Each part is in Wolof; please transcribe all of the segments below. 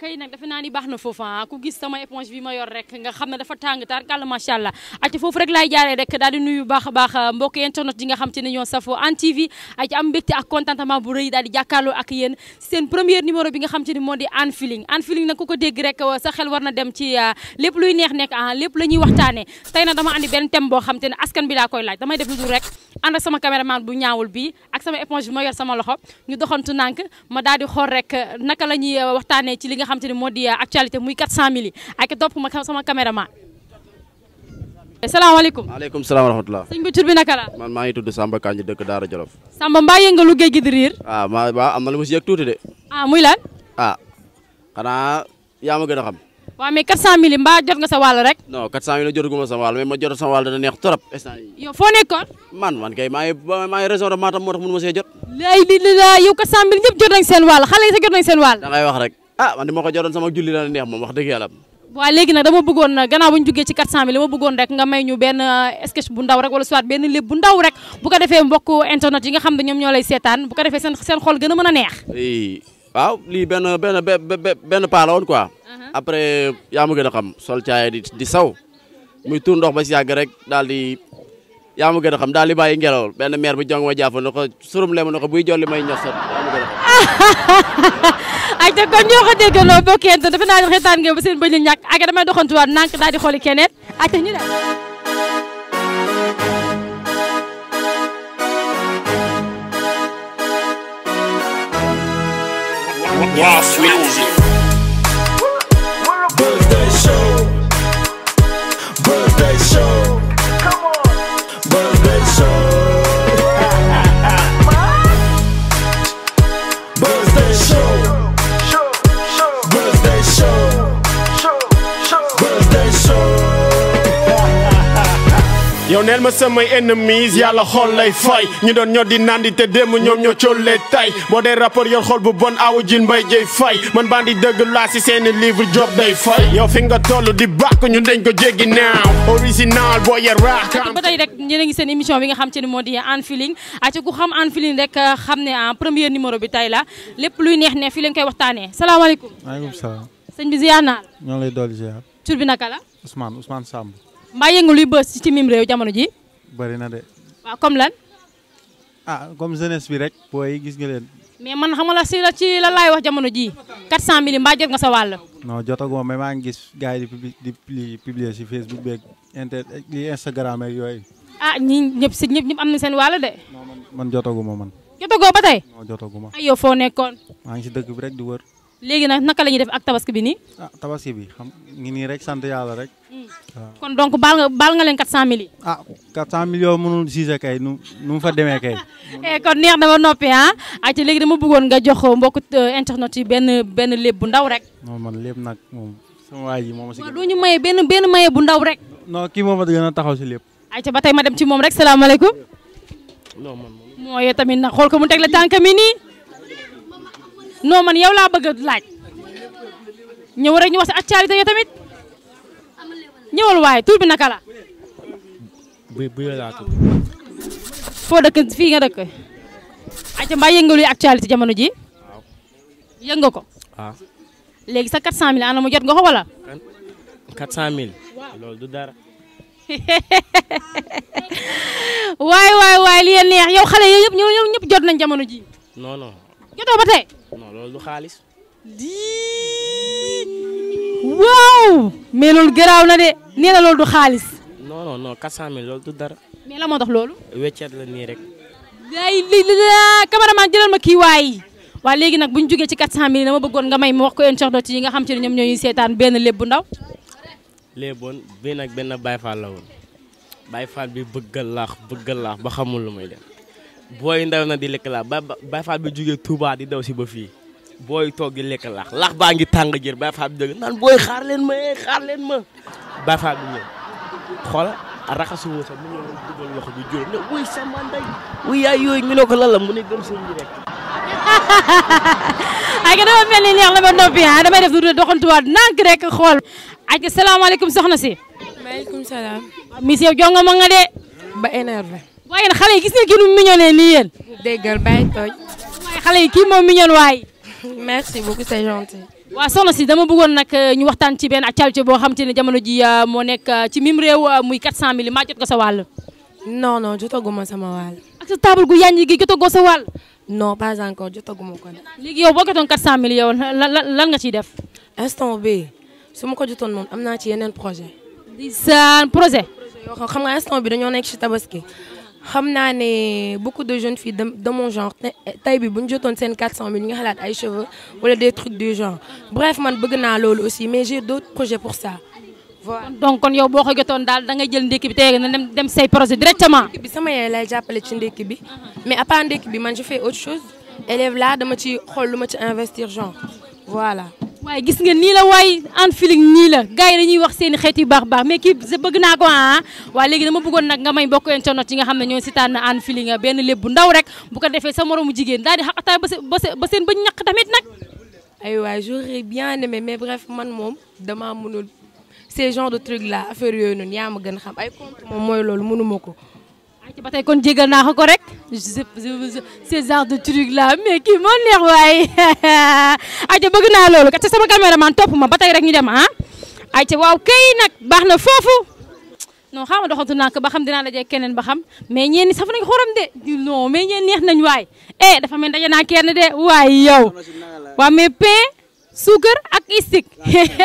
kay nag defe naa ni baax na foofu ah ku gis sama éponge bi ma yor rek nga xam ne dafa tàng taar kàlla macha allah ayca foofu rek laay jaaree rek daal di nuyu baax a baax ah, mbokk internet yi nga xam te ne ñoo safoo Hann TV ayca am mbégte ak contentement bu rëy daal di jàkkaarloo ak yéen seen premier numéro bi nga xam te ne moo di Hann Feeling Hann Feeling nag ku ko dégg rek ah, sa xel war na dem ci ah, lépp luy neex nekk ah lépp la ñuy waxtaanee tey nag dama andi benn thème boo xam te ne askan bi laa koy laaj damay def lu ànd ak sama caméraman bu ñaawul bii ak sama éponge bi yor sama loxo ñu doxantu nànk ma daal di xool rek euh, naka la ñuy euh, waxtaanee ci li nga xam te ne moo di euh, actualité muy 400000 yi ak topp ma sama caméraman. salaamaaleykum maaleykum salaam wa rahmatulah. sëñ bi tur bi naka maa ngi tudd Samba Kanji dëkk Daara Jolof. Samba mbaa yëngalu géej gi di ah, maa am na lu ma si yëg tuuti de. ah muy lan. ah xanaa yaa ma gën a xam. waaw mais 400000 mbaa jot nga sa wàll rek. non 400000 jotaguma sa wàll mais ma jot sama wàll dana neex trop instant foo nekkoon. man man kay maa ngi maa ngi tax mënu ma see jot. lay li li la yow 400000 ñëpp jot nañ seen wàll xale yi sa jot nañ seen wàll. da wax rek ah man de ma ko jotoon sama julli dana neex moom wax dëgg yàlla. waaw léegi nag dama bëggoon gannaaw bu ñu jugee ci 400000 dama bëggoon rek nga may ñu benn euh, sketch ñoo lay seetaan ko defee seen aw lii benn benn benn paa la woon quoi. Uh-huh. après yaa xam sol caaya di saw muy tuur ndox ba si yàgg rek daal di yaa ma gën a xam daal di bàyyi ngelaw benn maire bu jong ma jaafa na ko surum lem na ko buy jolli may ñor ma gën a xam. ayca kon ñoo ko déggandoo bokkente defe naa ne xeetaan ngeen ba seen a ñàkk ak daal di xooli keneen ayca ñu daal. Wow, music. yow neel ma samay ennemis yàlla xool lay fay ñu doon ñoo di naan di te démb ñoom ñoo coolee tay boo dee rapport yor xool bu bon awu jin mbay jëy fay man baa di dëgg laa si seeni livre job day fay yow fi nga toll di bàkk ñun dañ ko jéggi naaw original boo yer raakaam ba tey rek ñeneen ngi seen émission bi nga xam ci ne moo di Hann Feeling aca ku xam Hann Feeling rek euh, xam ne en ah, premier numéro bi tay la lépp luy neex ne fi leen koy waxtaanee salaamaaleykum maaleykum salaam sëñ bi naa ñoo lay dool ziar tur bi naka la Ousmane Ousmane mbaa yëngu luy bës ci mim réew jamono ji bëri na de. waaw comme lan. a ah, comme jeunesse bi rek. booy gis nga leen. mais man xam nga la si la ci la laay wax jamono jii 400 mille mbaa jot nga sa wàll. non jotaguma mais maa ngi gis gars yi di di publier si Facebook beeg inter li Instagram ak yooyu. ah ñi ñëpp si ñëpp ñëpp am na seen wàll de. non man man jotaguma man. jotagoo ba tey. nekkoon. maa ngi si dëkk bi rek di wër. léegi nag naka la ñuy def ak tabaski bi nii. ah tabaski bi xam ngi nii rek sant yàlla rek. Hmm. Ah. kon donc baal nga baal nga leen 400000 yi. ah 400000 yoo mënul siise kay nu mu fa demee kay. Eh, kon neex na ba noppi ah ayca léegi dama bëggoon nga jox mbokk euh, internet yi benn benn léeb bu ndaw rek. non man léeb nag moom sama waa ji moom. waaw doo ñu maye benn benn maye bu ndaw rek. non kii moom a gën a taxaw si lépp. ayca ba tey ma dem ci moom rek salaamaaleykum. non man moom. mooy tamit nag xool ko non man yow laa bëgg a laaj ñëw rek ñu wax si actualité yo tamit ñëwal waaye tur bi naka bu bu laa tudd. foo dëkk fii nga dëkk. ayca mbaa yëngaluy actualité jamono ji waaw. yënga ko. waaw. Ah. léegi sa 400000 ana jot nga ko wala. 400000. waaw du dara. waay waay waay li neex yow xale yooyu ñëpp jot nañ jamono ji jotoo ba tey. non loolu du xaalis. lii. waaw. mais loolu garaaw na de nee na loolu du xaalis. non non non 400000 loolu du dara. mais la moo tax loolu. weccet la nii rek. day li li ah, cameraman jëlal ma kii waay. waa léegi nag bu ñu jógee ci 400000 dama bëggoon nga may ma wax ko internet yi nga xam te ne ñoom ñooñuy seetaan benn léeb bu ndaw. léeboon bii nag benn Baye Fall la woon Baye Fall bi bëgg laax bëgg laax ba xamul lu may def. boy ndaw na di lek la ba ba fa bi jógee Touba di daw ci beufi boy booy toog di lekk laax laax baa ngi tang jër ba fa bi jóge nan boy xaar len ma eh xaar leen ma ba fa bi ñëw xoola raxasu woo sa mu ñëw dugal wax bi juróom ne wuy sama ndey wuy ya yoy mi noko ko la mu ne gem sëñ bi rek ay ga dama mel ni neex la ba nopi ha ah, dama def du doxantuwaat nank rek xol ay ka alaykum soxna si maaleykum salaam miss yow jongo ma nga de ba énervé waaye nag xale yi gis nga ki nu mu mignonee nii yéen. déggal bàyyi toj. waaye xale yi kii moom mignon waay. merci beaucoup c'est gentil. waaw soxna si dama bëggoon nag euh, ñu waxtaan ci benn actualité boo xam te ne jamono ji euh, moo nekk euh, ci mim réew muy 400 mille maa jot ko sa wàll. non non jotaguma sama wàll. ak sa table gu yànji gi jotagoo sa wàll. non pas encore jotaguma ko. léegi yow boo ko jotoon 400 mille yow lan lan nga ciy def. instant bi su ma ko jotoon moom am naa ci yeneen projet. projet. yoo xam nga instant bi dañoo nekk ci tabaski. xam naa beaucoup de jeunes filles de mon genre taille bi bu ñu 400 000 ñu nga ay cheveux wala des trucs du genre bref man bëgg ça aussi mais j'ai d'autres projets pour ça donc si yow boo ko de daal da ngay jël ndékki bi tey na dem directement. ndékki bi sama yaay lay jàppale mais à part l'équipe, bi je fais autre chose élève là dama ci xool ci investir genre voilà waaye gis nga ni la waay Hann Feeling ni la gars dañuy wax seen i xeet yu baax baax mais kii bëgg naa ko ah wa légui dama bëggon nak nga may bokk mbokk internet yi nga xam ñoo sitaan na Hann Feeling ben lépp ndaw rek bu ko défé sa moromu jigéen daal di xaqataay ba seen ba ñak tamit nak ay waay j'aurais bien aimé mais bref man mom dama mënul ces genre de trucs là affaire yoy noonu yaa gën xam ay compte mom moy loolu mënumako ayca ba tey kon jégal naa ko ko rek ces genres de trucs là mais kii moo neex waaye ayca bëgg naa loolu kat sama caméraman topp ma ba tey rek ñu dem ah. ayca waaw kay nag baax na foofu non xam nga doxantu naa ko ba xam dinaa daje keneen ba xam mais ñeen saf nañ xorom de non mais neex nañ waay eh, dafa mel daje naa kenn de waay yow waa mais pain suukar ak istik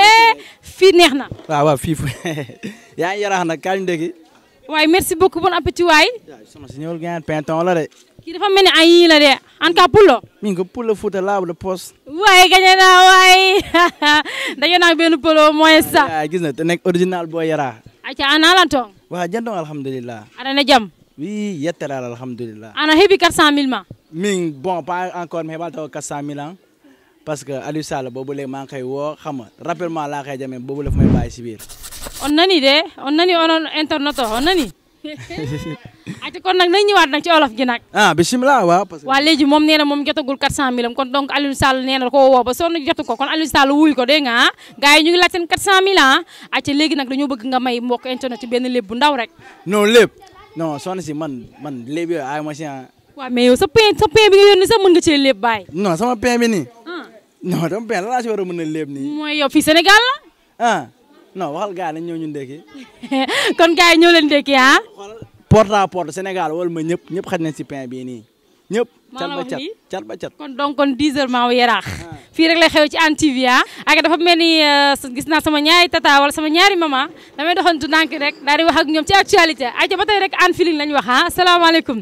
fii neex na. waaw waaw fu yaa ngi yaraax nag kañ waaye merci beaucoup bon appétit way sama si ñëwul gaan la de. kii dafa mel ni ay yii la de en tout cas Pulo. mi ngi ko Pulo Fouta laabu la poos. waaye gañe naa waaye dañu naan benn Pulo mooy sax. waaw gis na te nekk original boo yaraa. acca ana la toog. waaw jëndoon alhamdulilah. ana na jam. oui yetteraal alhamdulilah. ana hebi 400000 ma. mi bon pas encore mais hebaal taw 400000 ans. parce que Aliou boobu léegi maa koy woo xam nga rapidement laa koy jamee boobu la si biir. on nani de on nani onon internet o on nani ati kon nag nañ ñëwaat nag ci olof gi nag ah bisimilah waaw parce que waa léegi moom nee na moom jotagul 400 mille am kon donc Aliou Sall nee na ko woo ba sonn jotu ko kon Aliou Sall wuy ko dégg nga ah gars yi ñu ngi laaj seen 400 mille ah ati léegi nag dañoo bëgg nga may mbokk internet ci benn léeb bu ndaw rek non lépp non soxna si man man léeb yooyu ay ma si ah. waaw mais yow sa pain sa pain bi nga yónni sax mën nga cee léeb baay non sama pain bi nii ah. non dama pain la laa si war a mën a léeb mooy yow fii Sénégal non waxal gars yi nañ ñëw ñu ndekki. kon gars yi ñoo leen ndekki ah. porte à porte Sénégal wala ma ñëpp ñëpp xaj nañ si pain bii nii ñëpp. cat ba cat cat ba cat kon donc kon 10 heures maa yaraax. Ah. fii rek la xew ci Hann TV ah. ak dafa mel ni euh, gis naa sama ñaari tata wala sama ñaari mama damay doxantu ndànk rek daal di wax ñoom ci actualité ayca ba tey rek Hann Feeling lañ wax ah salaamaaleykum.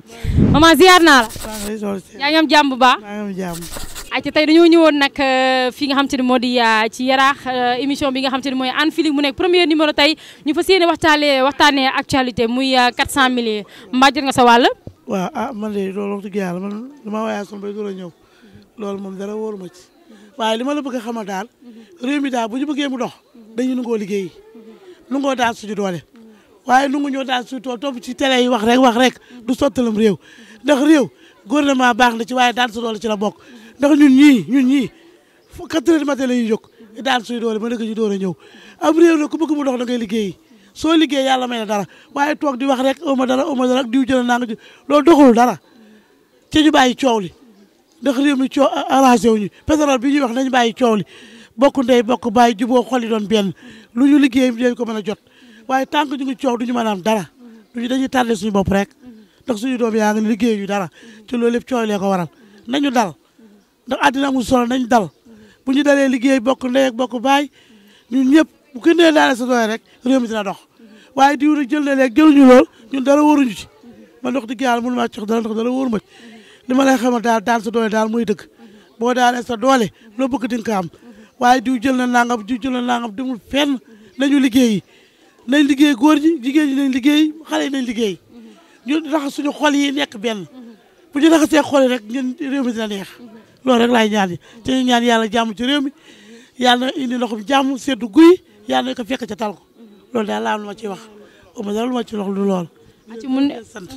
maman ziar naa la. yaa ngi am jàmm bu baax. ayca tey dañoo ñëwoon nag euh, fi nga xam te ne moo di euh, ci yaraax euh, émission bi nga xam te ne mooy Feeling mu nekk premier numéro tay, ñu fas yéene waxtaanee waxtaanee actualité muy 400 mille mbaa jot nga sa wàll. waaw ah man de loolu wax dëgg yàlla man damaa waaye son bay door a ñëw loolu moom dara wóoru ma ci waaye li ma la bëgg a xamal daal réew mi daal bu ñu bëggee mu dox dañu nangoo liggéey nangoo daal suñu doole waaye nangu ñoo daal suñu tool topp ci télé yi wax rek wax rek du sottalam réew ndax réew gouvernement baax na ci waaye daal su doole ci la bokk ndax ñun ñii ñun ñi fo quatre heures du matin la daan suy doole ba dëgg ñu door a ñëw am réew nag ku bëgg mu dox da ngay liggéeyi soo liggéey yàlla may na dara waaye toog di wax rek oma dara oma dara diw jël naa nga loolu doxul dara ci ñu bàyyi coow li ndax réew mi coow wu ñu pétrole bi ñu wax nañu bàyyi coow li bokku ndey bokk bàyyi juboo xol yi doon benn lu ñu liggéey dañ ko mën a jot waaye tant que ñu coow du ñu mën am dara duñu dañuy tardé suñu bopp rek ndax suñu doom yaa ngi liggéey ñu dara ci loolu lépp coow lee ko waral nañu ndax àddina amul solo nañ dal bu ñu dalee liggéey bokk ndey ak bokk baay ñun ñëpp bu ko nee daale sa doole rek réew mi dina dox waaye diw nag jël na léegi jëluñu lool ñun dara wóoruñu ci man wax dëgg yàlla mënu maa jox dara ndax dara wóoru ma ci li ma lay daal daal sa doole daal mooy dëgg boo daalee sa doole loo bëgg di am waaye diw jël na nangam diw jël na nangam demul fenn nañu liggéey nañ liggéey góor ñi jigéen ñi nañ liggéey xale yi nañ liggéey ñu raxas suñu xol yi nekk benn bu ñu raxasee xol yi rek ñun réew mi loolu rek laay ñaan yi te ñaan yàlla jàmm ci réew mi yàlla na indi ndoxum jàmm seddu guy yàlla na ko fekk ca tal ko loolu daal laa am lu ma ciy wax ba dara lu ma ci lox lu lool sant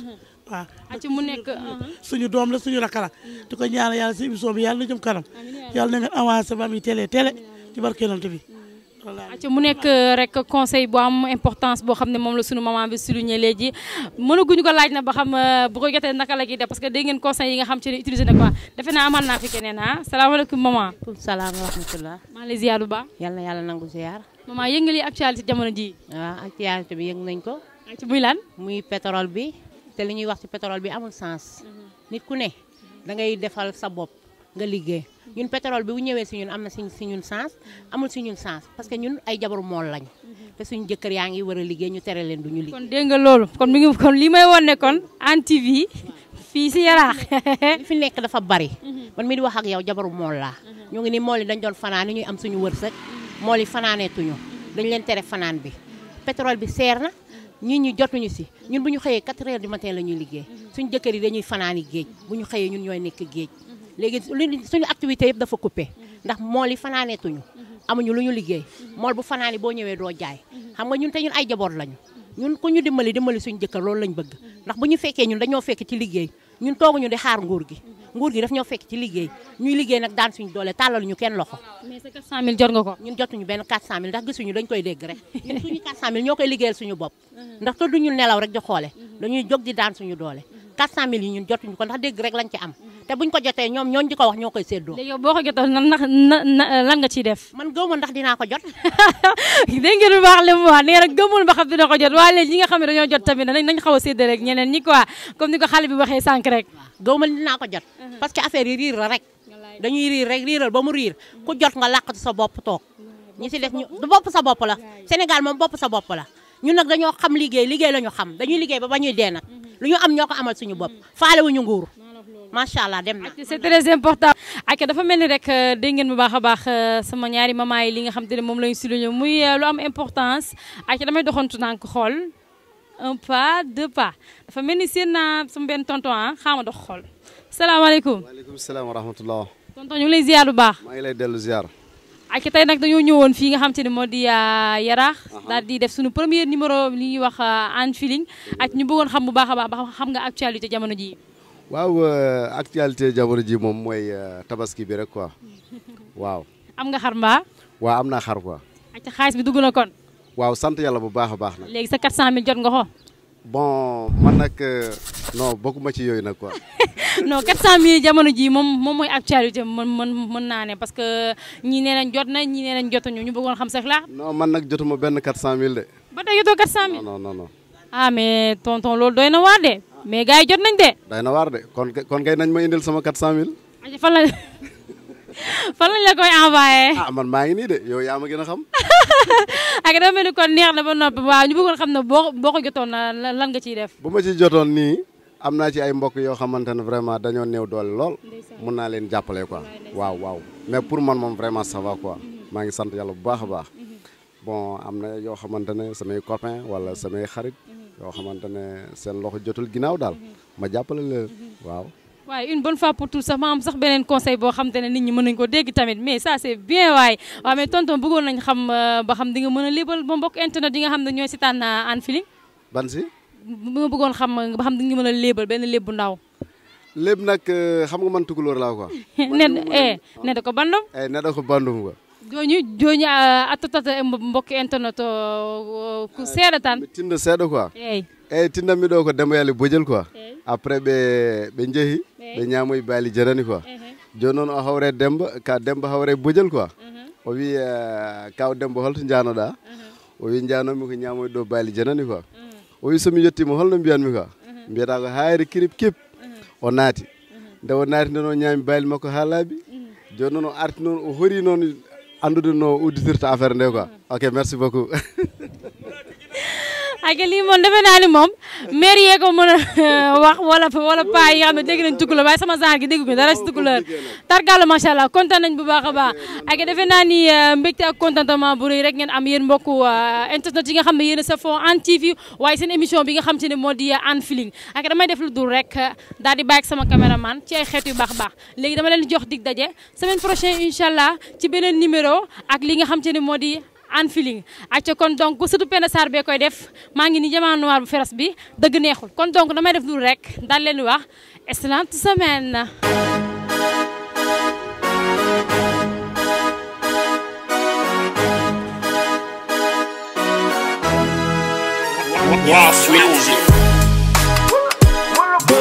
waaw aci mu nekk suñu doom la suñu rakk la di ko ñaan yàlla si émission bi yàlla na jëm kanam yàlla na ngeen avancé ba muy télé télé ci barkeelante bi acca mu nekk euh, rek conseil bu am importance boo xam ne moom la sunu maman bi souligné léegi mënaguñu ko laaj na ba xam euh, bu ko jotee naka la gi def parce que dégg ngeen conseil yi nga xam ci ne utilisé na quoi defe naa amal naa fi keneen ah salaamaaleykum maman. salaam wa rahmatulah. maa yàlla nangu ziar. maman yëngali actualité jamono ji waaw actualité bi yëng nañ ko. ci muy lan. muy pétrole bi te li ñuy wax ci pétrole bi amul sens. Mhm. nit ku ne da ngay defal sa bopp. nga liggéey ñun pétrole bi bu ñëwee si ñun am na si si sens amul suñu sens parce que ñun ay jabar mool lañ te suñu jëkkër yaa ngi war a liggéey ñu tere leen du ñu liggéey kon dégg nga loolu kon mi ngi kon li may wone kon Hann TV fii si yaraax fi nekk dafa bari mhm. man mi di wax ak yow jabaru mool laa mhm. ñu ngi ni mool yi dañ doon fanaan ñuy am suñu wërsëg mhm. mool yi fanaaneetuñu dañ leen tere fanaan bi pétrole bi seer na ñun ñu jotuñu si ñun bu ñu xëyee 4 heures du matin la ñuy liggéey suñu jëkkër yi dañuy fanaani géej bu ñu xëyee ñun ñooy nekk géej léegi suñu activité yëpp dafa coupé ndax mool yi fanaanetuñu amuñu lu ñu liggéey mool bu fanaani boo ñëwee doo jaay xam nga ñun te ñun ay jaboot lañu ñun ku ñu dimbali dimbali suñu jëkkër loolu lañ bëgg ndax bu ñu fekkee ñun dañoo fekk ci liggéey ñun tooguñu di xaar nguur gi nguur gi daf ñoo fekk ci liggéey ñuy liggéey nag daan suñu doole tàllal ñu kenn loxo mais sa jot nga ko ñun jotuñu benn 400000 ndax gisuñu dañ koy dégg rek ñun suñu 400000 ñoo koy liggéeyal suñu bopp ndax tëdduñu nelaw rek di xoole dañuy jóg di daan suñu doole 400000 yi ñun jotuñu ko ndax dégg rek lañ ci am té buñ ko jotté ñom ñoon diko wax ñokay séddo lé yow boko joto nan nak lan nga ci def man gëmul ndax dina ko jot dé ngeen wax lé mo néna gëmul ba xam dina ko jot walé ñi nga xam dañu jot tamit nañ xawa sédé rek ñeneen ñi quoi comme niko xalé bi waxé sank rek gëmul dina ko jot uh-huh. parce que affaire yi rir la rek dañuy rir rek riral ba mu rir ku jot nga laq sa bop tok ñi ci def ñu du bop sa bop la sénégal mom bop sa bop la ñun nak dañu xam liggéey liggéey lañu xam dañuy liggéey ba bañuy dé nak uh-huh. luñu am ñoko amal suñu bop faalé wuñu nguur macha allah dem na c'est très important ak dafa mel ni rek euh, dégg ngeen bu baax a baax euh, sama ñaari maman yi li nga xam te ne moom lañu souligné muy euh, lu am importance ak damay doxantu nànk xool un pas deux pas dafa mel ni seen naa sama benn tonton ah xaama dox xool salaamaaleykum waaleykum salaam wa rahmatullah tonton ñu lay ziar bu baax maa lay dellu ziar ak tey nag dañoo ñëwoon fii nga xam te ne moo di di def suñu premier numéro li ñuy wax en feeling mhm. ak ñu bëggoon xam bu baax a baax xam nga actualité jamono ji waaw euh, actualité jamono ji moom mooy euh, tabaski bi rek quoi waaw. am nga xar mbaa. waaw am naa xar quoi. ayca xaalis bi dugg na kon. waaw sant yàlla bu baax a baax nag. léegi sa mille jot nga ko. bon man nag euh, non bokkuma ci yooyu nag quoi. non 400000 jamono ji moom moom mooy actualité man man mën naa ne parce que ñi nee nañ jot na ñi nee nañ jotuñu ñu bëggoon xam sax la. non man nag jotuma benn cen0mille de. ba tey jotoo 400000 non non non. ah mais tonton loolu doy na waar de. mais gars yi jot nañ de. day na waar de kon kon kay nañ ma indil sama 400000. fan la fan lañ la koy envoyé. ah man maa ngi nii de yow yaa ma gën a xam. ak dafa mel ni kon neex na ba noppi waaw ñu bëggoon xam ne boo boo ko jotoon lan nga ciy def. ba ma ci jotoon nii am naa ci ay mbokk yoo xamante ne vraiment dañoo néew doole lool mun naa leen jàppale ko waaw waaw mais pour man moom vraiment ça va mhm. maa ngi sant yàlla bu baax a baax mhm. bon am na yoo xamante ne samay copains wala samay xarit. Mhm. yoo xamante ne seen loxo jotul ginnaaw daal ma jàppale leen waaw. waaye une bonne fois pour tout sax ma sax beneen conseil boo xam te ne nit ñi mën nañu ko dégg tamit mais ça c'est bien waaye waaw mais tonton bëggoon nañ xam euh, ba xam di nga mën a libal ba mbokk internet yi nga xam ne ñooy seetaan euh, Hann Feeling. ban si. ma bëggoon xam euh, ba xam di nga mën a libal benn lib bu ndaw. lib nag xam nga man tukulóor laa ko man ne ne da ko bandum. Eh, ne da ko bandum quoi. joni joni a ah, tottata e eh, mbokki internet o oh, oh, ko eh, seeɗa tan ɓe tinda seeɗa quoi eyyi eyyi eh, tindanmi ɗo ko demoyale bojel quoi après ɓe ɓe jeehi ɓe ñamoye baali jarani quoi joni noon o hawre demba ka demba hawre bojel quoi mhm. o wi kaw demba holto janoɗa mhm. o wi janomi ko ñamoye ɗo baali janani quoi mhm. o wi somi yettima holno mbiyanmi quoi mbiyata ko hayri kirip kip o naati nde o naati nden o ñaami baali makko ha laaɓi joni noon o arti noon o hori noon andude no udditirta affaire nde quoi ok merci beaucoup ak lii moom defe naa ni moom maire yee ko mën a euh, wax wala wala paa yi nga xam ne dégg sama genre gi dégg ko dara si tukulóor tarkalla macha allah kontaan nañ bu baax a baax ak defe naa ni euh, mbégte ak contentement bu rëy rek ngeen am yéen mbokku euh, internet yi nga xam ne yéen sa fond Hann TV waaye seen émission bi nga xam te ne moo di Hann Feeling ak damay def lu rek daal di bàyyi ak sama caméraman ci ay xeet yu baax baax léegi dama leen jox dig daje semaine prochaine incha allah ci beneen numéro ak li nga xam te ne moo di Hann Feeling acca kon donc surtout Penda Sarr bee koy def maa ngi ni jamono noir bu feras bi dëgg neexul kon donc damay def dul rek daal leen wax excellente semaine Wow, flippers.